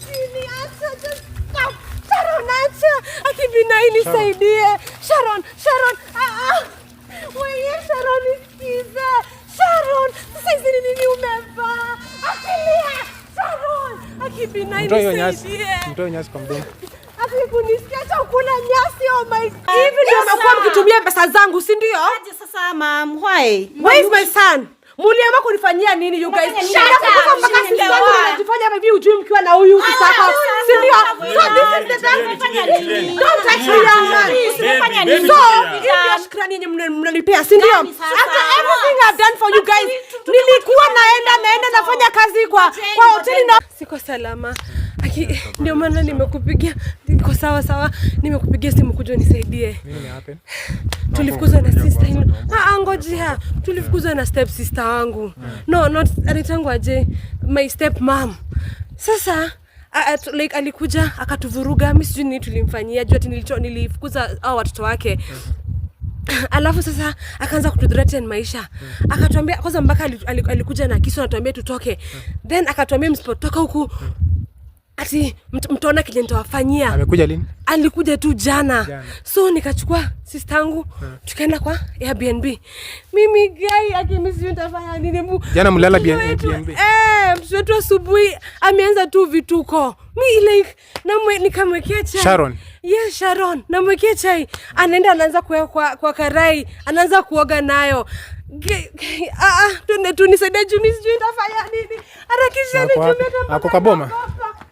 chini hasa Sharon, acha akibina ili saidie Sharon, ah, ah. wewe Sharon, Sharon, sasa hizi ni nini Akilia Sharon, akibina Mtoe nyasi kwa mdomo. nyasi. Oh my God, hivi ndio mkitumia pesa zangu, si ndio? Aje sasa, why? Where is my son? Muliamua kunifanyia nini you guys? Unajifanya hivi ujui mkiwa na huyu sasa. Si ndio? So this is the dance fanya nini? Don't touch me young man. Usifanye nini? So hiyo shukrani yenye mnanipea, si ndio? After everything I've done for you guys, nilikuwa naenda naenda nafanya kazi kwa kwa hoteli na siko salama. Ndio maana nimekupigia niko sawa sawa, nimekupigia simu kuja nisaidie. Tulifukuzwa na sister yangu. Ah, ngojea. Tulifukuzwa na step sister wangu. No, not anitangu aje. My step mom. Sasa At, like alikuja akatuvuruga, mi sijui nini tulimfanyia juu ati nilicho nilifukuza au watoto wake mm-hmm. alafu sasa akaanza kutudhreaten maisha, mm-hmm. akatuambia kwanza, mpaka alikuja na kisu, anatuambia tutoke, mm-hmm. then akatuambia msipotoka huku ati mtaona kile nitawafanyia. Amekuja lini? Alikuja tu jana, jana. So nikachukua sister yangu tukaenda kwa Airbnb. Mimi gai akimisi nitafanya nini? Jana mlala Airbnb. Eh, mtu wetu asubuhi ameanza tu vituko. Mi like na nikamwekea chai. Sharon. Yeah, Sharon. Namwekea chai. Anaenda anaanza kwa, kwa, kwa karai, anaanza kuoga nayo. Ah, tuende ah, tu nisaidie juu mimi sijui nitafanya nini. Harakisha nitumie kama. Ako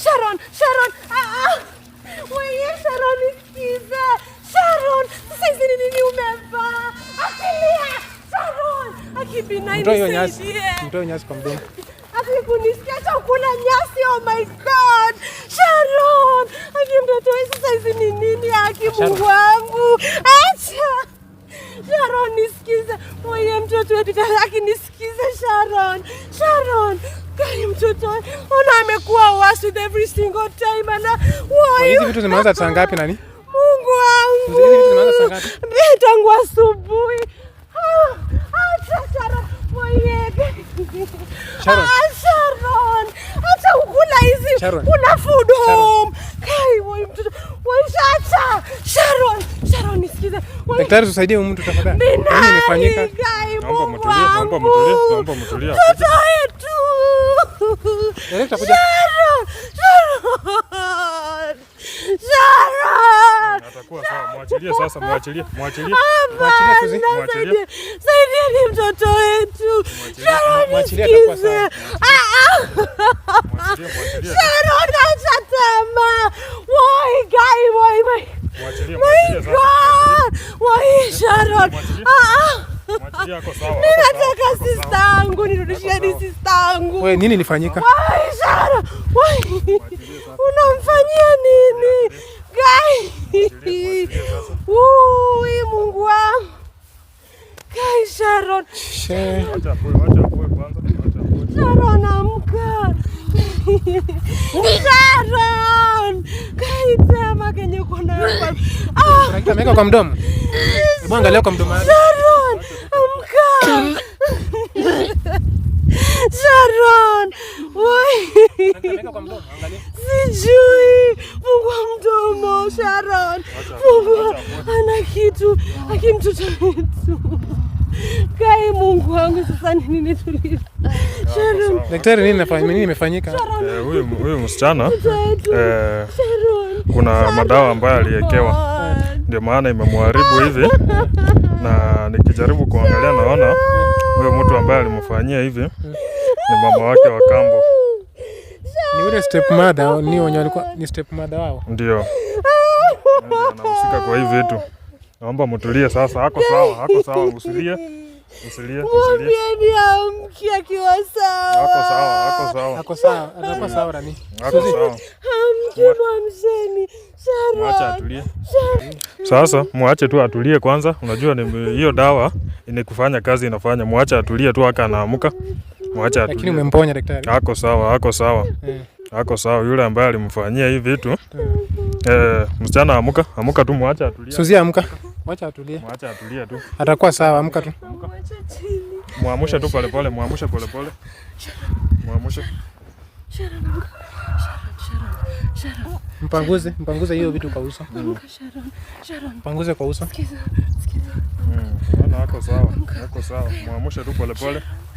Sharon, Sharon, ah, ah. wewe Sharon, sikiza Sharon, sasa hizi ni nini umevaa? Akilia Sharon, akibinaini nisaidie. Mtoe nyasi kwa mdomo. Akikunisikia chakula nyasi, oh my God. Sharon, aki mtoto wewe sasa hizi ni nini aki Mungu wangu? Acha. Sharon, nisikize. Wewe mtoto wetu akinisikize Sharon. Sharon, Kali mtoto ona, amekuwa worse with every single time and why you? hizi vitu zimeanza saa ngapi nani? Mungu wangu, hizi vitu zimeanza saa ngapi? Mimi tangu asubuhi ah ah, Sharon ah, on. Acha ukula hizi kuna food home. Kai waishacha. Sharon, Sharon nisikize. Daktari tusaidie huyu mtu tafadhali. Nini imefanyika? Naomba mtulie, naomba mtulie, naomba mtulie. Mtoto wetu. Sharon, Sharon. Sharon itakuwa ah, ah, Saidia ni mtoto wetu. Sharon, ah, mwachilie Sharon, acha tamaa. Why guy, why my My God, why Sharon? Ah nataka sista yangu nirudishieni sista yangu. Wewe nini ilifanyika? Why Sharon? Why? Unamfanyia nini? Kai. Ui, Mungu wangu. Kai Sharon. Sharon amka. Sharon. Kai sema kenye kuna hapa. Ah. Ameka kwa mdomo. Hebu kwa mdomo. Sharon, amka. Sharon. Oi. Ameka kwa mdomo, angalia sijui. Mungu wa mdomo, Sharon. Mungu ana kitu akimtoto wetu Kai, Mungu wangu, sasa ni nini tulivu? Sharon, daktari, nini nafanya? Nini imefanyika? Eh, huyu msichana eh, kuna madawa ambayo aliekewa, ndio maana imemharibu hivi, na nikijaribu kuangalia naona huyo mtu ambaye alimfanyia hivi ni mama wake wa kambo. Ni ule step mother ni wenye walikuwa ni step mother wao. Ndio. Anahusika kwa hivi vitu. Naomba mtulie sasa, hako sawa, hako sawa, usilie. Usilie, usilie. Ni amki akiwa sawa. Hako sawa, hako sawa. Hako sawa, atakuwa sawa rani. Hako sawa. Amki mwamzeni. Mwache atulie. Sasa mwache tu atulie kwanza. Unajua ni hiyo dawa inekufanya kazi inafanya. Mwache atulie tu haka anaamka mwacha, lakini umemponya daktari. Ako sawa, ako sawa eh. Ako sawa yule ambaye alimfanyia hii vitu eh. Eh, msichana amuka, amuka tu, mwacha atulia. Suzia amuka, mwacha atulie, mwacha atulie tu, atakuwa sawa. Amuka tu, tu polepole, mwamusha polepole, mwamushe Mpanguze, mpanguze hiyo vitu kwa uso. Mpanguze kwa uso. Sikiza, sikiza. Hmm, ako sawa, ako sawa. Mwamushe tu polepole.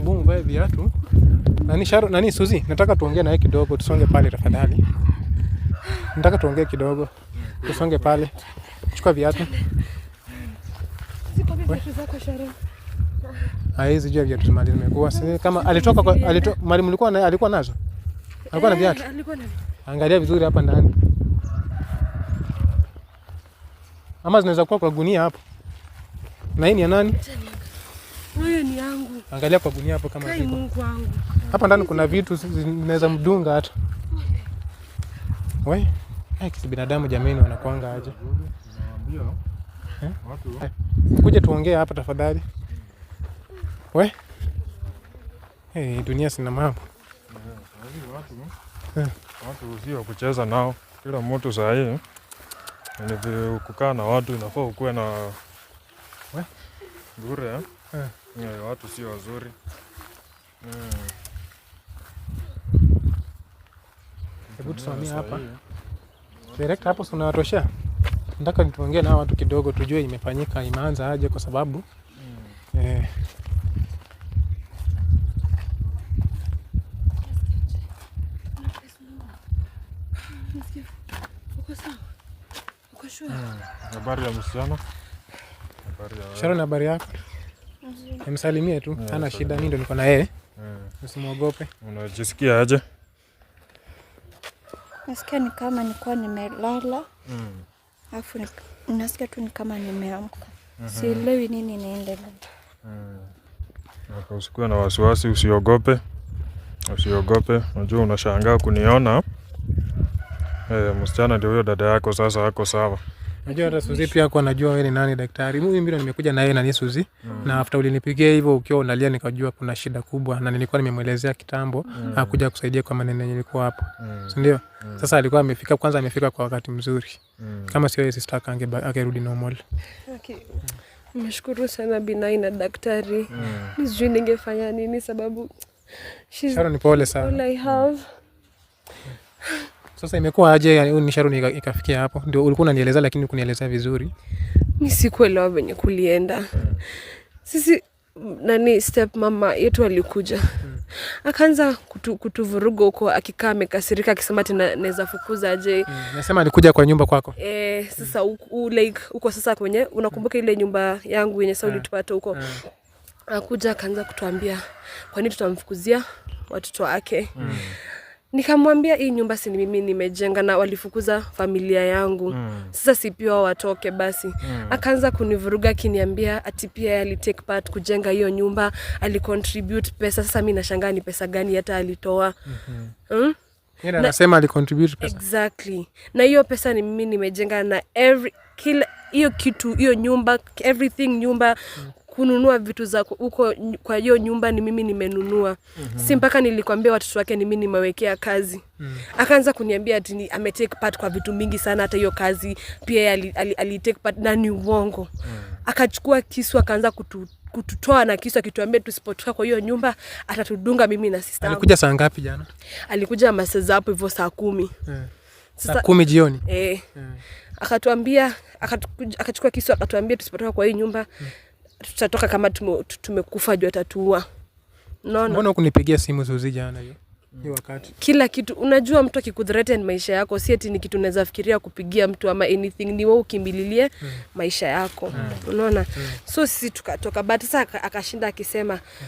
Bumu viatu. Nani Sharo, nani Suzi, nataka tuongee nawe kidogo, tusonge pale tafadhali. Nataka tuongee kidogo, tusonge pale. Chukua viatu. Hizi jua viatu zimekuwa kama alitoka kwa na, alikuwa nazo alikuwa na eh, viatu. Angalia vizuri hapa ndani, ama zinaweza kuwa kwa gunia hapo. Na hii ni ya nani? Wewe ni yangu. Angalia kwa gunia hapo kama ziko. Mungu wangu. Hapa ndani kuna vitu zinaweza mdunga hata. Wewe, kisi binadamu jamani wanakuanga aje? Eh? eh? Kuja tuongee hapa tafadhali. We? Hey, eh, dunia sina mambo. Eh. Watu si wa kucheza nao. Kila mtu saa hii ni kukaa na watu, inafaa ukuwe na Bure eh, eh? eh. watu sio wazuri mm. Hebu tusimamia hapa direkta hapo, si unawatoshea? Nataka nituongee na watu kidogo, tujue imefanyika imeanza aje, kwa sababu mm. eh, hmm. habari ya msichana Sharon, habari yako? Nimsalimie tu, hana shida. mi ndo niko na yeye, usimwogope. Unajisikia aje? Nasikia ni kama nikuwa nimelala, mm. alafu nasikia tu ni kama nimeamka, mm-hmm. sielewi nini inaendelea. Mm. Usikuwe na wasiwasi, usiogope, usiogope. Unajua unashangaa kuniona. Eh, msichana ndio huyo dada yako, sasa ako sawa. Najua hata Suzi pia hakuwa anajua wewe ni nani daktari. Mimi ndio nimekuja na yeye na Suzi mm. na after ulinipigia hivyo ukiwa unalia nikajua kuna shida kubwa na nilikuwa nimemuelezea kitambo mm. akuja kusaidia kwa maneno yenye ilikuwa hapo. Mm. Si ndio? Mm. Sasa alikuwa amefika kwanza amefika kwa wakati mzuri. Mm. Kama sio yeye sister yake angerudi normal. Okay. Mm. sana Binai na daktari. Mm. Sijui ningefanya nini sababu Sharon ni pole sana. All I have. Mm. Sasa imekuwa aje ni ikafikia hapo? Ndio ulikuwa unanieleza, lakini kunielezea vizuri, mi sikuelewa venye kulienda. Sisi nani step mama yetu alikuja, hmm. Akaanza kutu, huko, akikaa amekasirika, akisema tena naweza fukuza aje. Mm, nasema alikuja kwa nyumba kwako e, sasa mm. u, like huko sasa kwenye unakumbuka ile nyumba yangu yenye sa ulitupata hmm. huko mm. Akuja akaanza kutuambia kwa tutamfukuzia watoto wake mm. Nikamwambia hii nyumba si mimi nimejenga na walifukuza familia yangu mm. Sasa sipiwa watoke basi mm. Akaanza kunivuruga akiniambia ati pia alitake part kujenga hiyo nyumba, alicontribute pesa. Sasa mi nashangaa ni pesa gani hata alitoa mm -hmm. mm? Yeah, na, alicontribute pesa. Exactly. Na hiyo pesa ni mimi nimejenga na every kila hiyo kitu hiyo nyumba everything nyumba mm kununua vitu za huko kwa hiyo nyumba ni mimi nimenunua. mm -hmm. Si mpaka nilikwambia watoto wake ni mimi nimewekea kazi. mm -hmm. Akaanza kuniambia ati ni ametake part kwa vitu mingi sana, hata hiyo kazi pia ali, ali, ali take part na ni uongo. mm -hmm. Akachukua kisu akaanza kutu, kututoa na kisu akituambia tusipotoka kwa hiyo nyumba atatudunga mimi na sister. Alikuja saa ngapi jana? Alikuja masaa hapo hivyo saa kumi. yeah. Saa kumi jioni. Eh. Yeah. Akatuambia akachukua kisu akatuambia tusipotoka kwa hii nyumba mm -hmm tutatoka kama tumekufa jua tatua. No, Mbona kunipigia simu Zuzi jana hiyo? Ni wakati. Kila kitu unajua mtu akikuthreaten maisha yako si eti ni kitu unaweza fikiria kupigia mtu ama anything, ni wewe ukimbililie mm. maisha yako mm. unaona mm. so sisi tukatoka, but sasa akashinda akisema mm.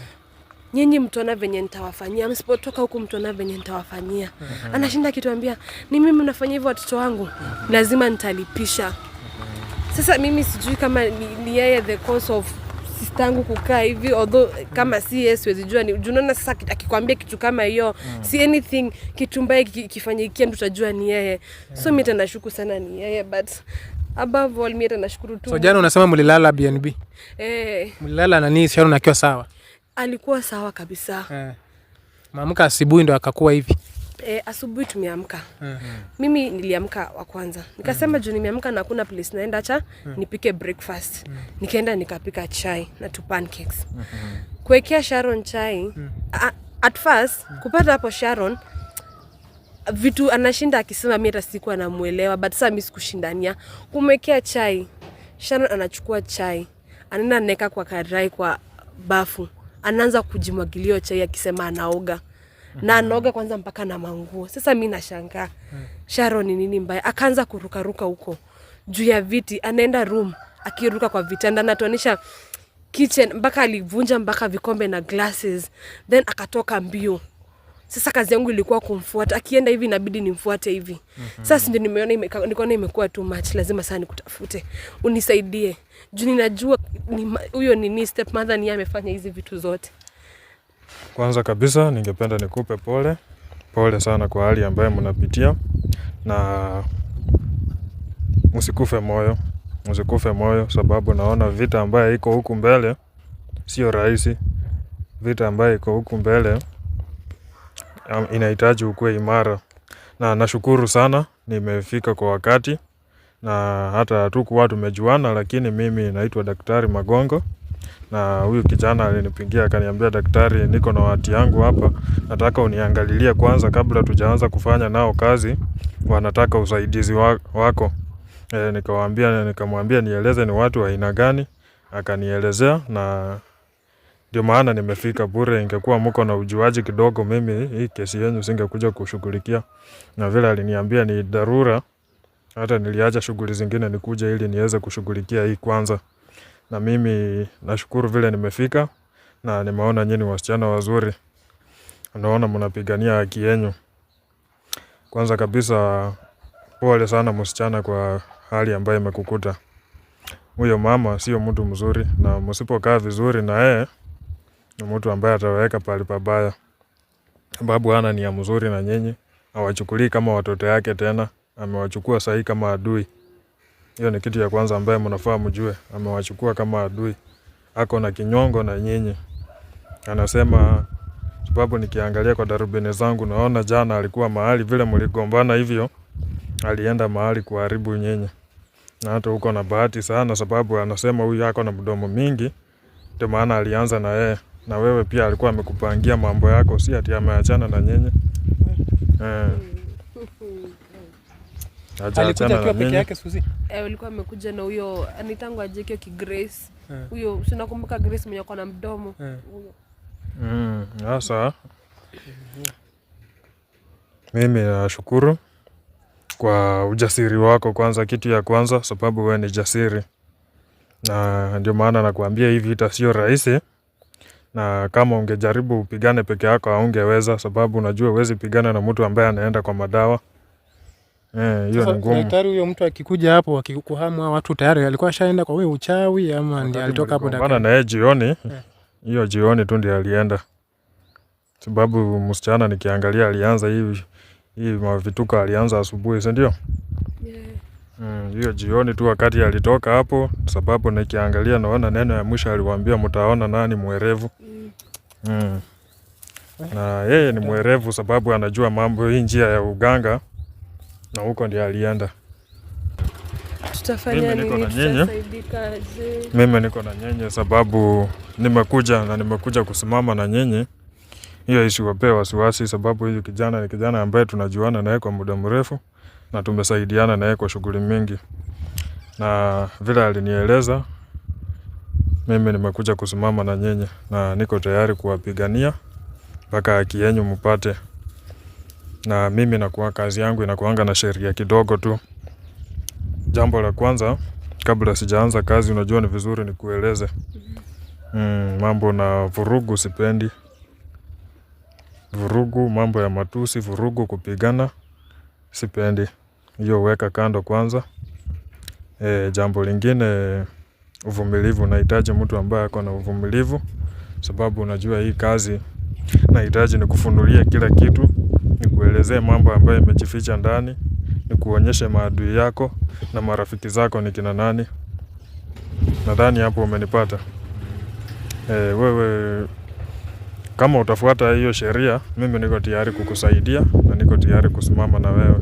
nyinyi mtaona venye nitawafanyia msipotoka huku, mtaona venye nitawafanyia mm -hmm. Anashinda akituambia ni mimi nafanyia hivyo watoto wangu mm -hmm. lazima nitalipisha. Hmm. Sasa mimi sijui kama ni, ni yeye the cause of sistangu kukaa hivi although kama si yesu siwezi jua ni unaona sasa akikwambia kitu kama hiyo mm. si anything kitu mbaya kifanyikia mtu utajua ni yeye so mi nashuku sana ni yeye but above all mi nashukuru tu so jana unasema mlilala bnb eh. mlilala nani sharon akiwa sawa alikuwa sawa kabisa eh. maamka ndo akakuwa hivi E, asubuhi tumeamka. mm -hmm. Mimi niliamka wa kwanza nikasema, mm -hmm. juu nimeamka na hakuna place naenda, cha mm -hmm. nipike breakfast. mm -hmm. Nikaenda nikapika chai na two pancakes. mm -hmm. kuwekea Sharon chai. mm -hmm. At first mm -hmm. kupata hapo Sharon vitu anashinda akisema, mimi hata sikuwa namuelewa, but sasa mimi sikushindania kumwekea chai. Sharon anachukua chai anaenda anaeka kwa karai kwa bafu, anaanza kujimwagilia chai akisema anaoga mm na anaoga kwanza mpaka na manguo. Sasa mi nashangaa Sharo ni nini mbaya, akaanza kurukaruka huko juu ya viti, anaenda room akiruka kwa vitanda, anatuanisha kitchen mpaka alivunja mpaka vikombe na glasses, then akatoka mbio. Sasa kazi yangu ilikuwa kumfuata, akienda hivi inabidi nimfuate hivi. Mhm. Sasa ndio nimeona ime, nikaona imekuwa too much, lazima sana nikutafute unisaidie, juu ninajua huyo ni, ni stepmother ni amefanya hizi vitu zote. Kwanza kabisa ningependa nikupe pole, pole sana kwa hali ambayo mnapitia na msikufe moyo, msikufe moyo sababu naona vita ambayo iko huku mbele sio rahisi. Vita ambayo iko huku mbele inahitaji ukuwe imara. Na nashukuru sana nimefika kwa wakati na hata hatukuwa tumejuana lakini mimi naitwa Daktari Magongo na huyu kijana alinipigia akaniambia, daktari, niko na wati yangu hapa, nataka uniangalilie kwanza kabla tujaanza kufanya nao kazi, wanataka usaidizi wako. E, nikawaambia nikamwambia nieleze ni watu wa aina gani, akanielezea na ndio maana nimefika bure. Ingekuwa mko na ujuaji kidogo, mimi hii kesi yenu singekuja kushughulikia, na vile aliniambia ni dharura, hata niliacha shughuli zingine nikuja ili niweze kushughulikia hii kwanza na mimi nashukuru vile nimefika na nimeona nyinyi ni wasichana wazuri, naona mnapigania haki yenu. Kwanza kabisa, pole sana msichana kwa hali ambayo imekukuta. Huyo mama sio mtu mzuri, na msipokaa vizuri na yeye ni mtu ambaye ataweka pali pabaya, sababu hana nia mzuri na nyinyi, awachukulii kama watoto yake tena, amewachukua sahii kama adui. Hiyo ni kitu ya kwanza ambaye mnafaa mjue, amewachukua kama adui, ako na kinyongo na nyinyi. Anasema sababu, nikiangalia kwa darubini zangu naona jana alikuwa mahali vile mligombana hivyo, alienda mahali kuharibu nyinyi, na hata huko na bahati sana, sababu anasema huyu ako na mdomo mingi, ndio maana alianza na yeye na wewe pia alikuwa amekupangia mambo yako, si ati ameachana na nyinyi eh alikuja eh, alikuwa amekuja na huyo anitangu ajekio ki Grace. Eh. Huyo yeah. sinakumbuka Grace mwenye kwa na mdomo. Yeah. Mm, sasa mimi nashukuru kwa ujasiri wako kwanza, kitu ya kwanza sababu wewe ni jasiri, na ndio maana nakuambia hivi vita sio rahisi, na kama ungejaribu upigane peke yako haungeweza, sababu unajua uwezi pigana na mtu ambaye anaenda kwa madawa. Eh, daktari huyo mtu akikuja hapo akikuhamu watu tayari alikuwa ashaenda kwa huyo uchawi ama ndiye alitoka hapo daktari. Maana naye jioni eh. hiyo yeah. Jioni tu ndiye alienda, sababu msichana nikiangalia alianza hivi hii mavituko alianza asubuhi, si ndio? Yeah. Mm, jioni tu wakati alitoka hapo, sababu nikiangalia naona neno ya mwisho aliwaambia mtaona nani mwerevu. Mm. Mm. Na yeye ni mwerevu sababu anajua mambo hii njia ya uganga na huko ndio alienda. Tutafanya nini? Tutasaidikaje? Mimi niko na nyenye sababu nimekuja na nimekuja kusimama na nyenye hiyo isiwapee wasiwasi, sababu hiyo kijana ni kijana ambaye tunajuana naye kwa muda mrefu na tumesaidiana naye kwa shughuli mingi, na vile alinieleza, mimi nimekuja kusimama na nyenye na niko tayari kuwapigania mpaka haki yenu mpate na mimi nakuwa kazi yangu inakuanga na sheria kidogo tu. Jambo la kwanza kabla sijaanza kazi unajua ni vizuri nikueleze hmm, mambo na vurugu sipendi. Vurugu mambo ya matusi vurugu kupigana sipendi. Hiyo weka kando kwanza. E, Jambo lingine uvumilivu nahitaji mtu ambaye ako na uvumilivu. Sababu unajua hii kazi nahitaji nikufunulie kila kitu nikuelezee mambo ambayo imejificha ndani, nikuonyeshe maadui yako na marafiki zako ni kina nani. Nadhani hapo umenipata. E, wewe kama utafuata hiyo sheria, mimi niko tayari kukusaidia na niko tayari kusimama na wewe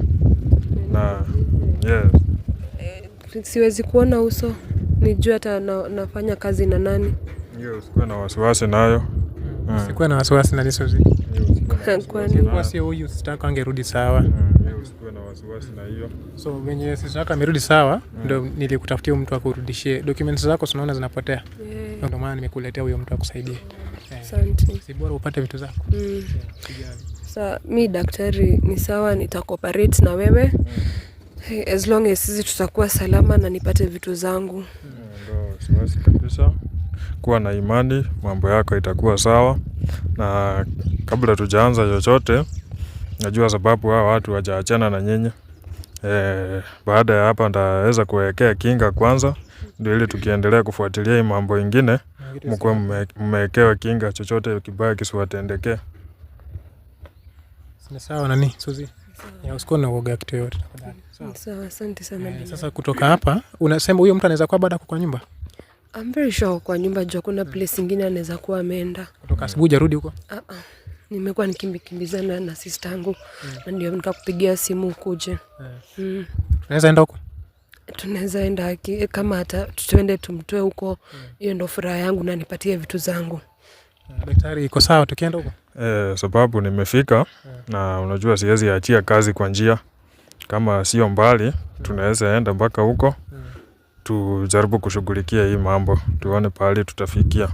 na yes. E, siwezi kuona uso nijue hata na, nafanya kazi na nani. usikuwe na wasiwasi nayo. Sikuwa na wasiwasi na Lissu huyu, sitaka angerudi sawa. Mm. So wenye sitaka amerudi sawa, mm. ndo nilikutafutia mtu akurudishie dokument zako, sinaona zinapotea, ndo maana nimekuletea huyo mtu akusaidia. Eh. upate vitu zako. Mm. Sa mi daktari, ni sawa, nitakoperate na wewe as long as sisi tutakuwa salama na nipate vitu zangu. kabisa kuwa na imani, mambo yako itakuwa sawa. Na kabla tujaanza chochote, najua sababu hawa watu wajaachana na nyinyi. Eh, baada ya hapa ndaweza kuwekea kinga kwanza, ndio ili tukiendelea kufuatilia hii mambo ingine, mkuwe mmewekewa kinga, chochote kibaya kisiwatendekee. Sawa nani Suzi? Usikuwa na uoga kitu yoyote. Eh, sasa kutoka hapa unasema huyo mtu anaweza kuwa bado kwa nyumba I'm very sure kwa nyumba jua kuna mm. place ingine anaweza kuwa ameenda. Kutoka asubuhi jarudi huko? Ah ah. Nimekuwa nikimbikimbizana na sister yangu mm. na ndio nikakupigia simu ukuje. Eh. Mm. Tunaweza enda huko? Tunaweza enda eh, kama hata tuende tumtoe huko. Hiyo ndio furaha yangu na nipatie vitu zangu. Eh, daktari, iko sawa tukienda huko? Eh, sababu nimefika na unajua siwezi achia kazi kwa njia. Kama sio mbali tunaweza enda mpaka huko tujaribu kushughulikia hii mambo tuone pahali tutafikia.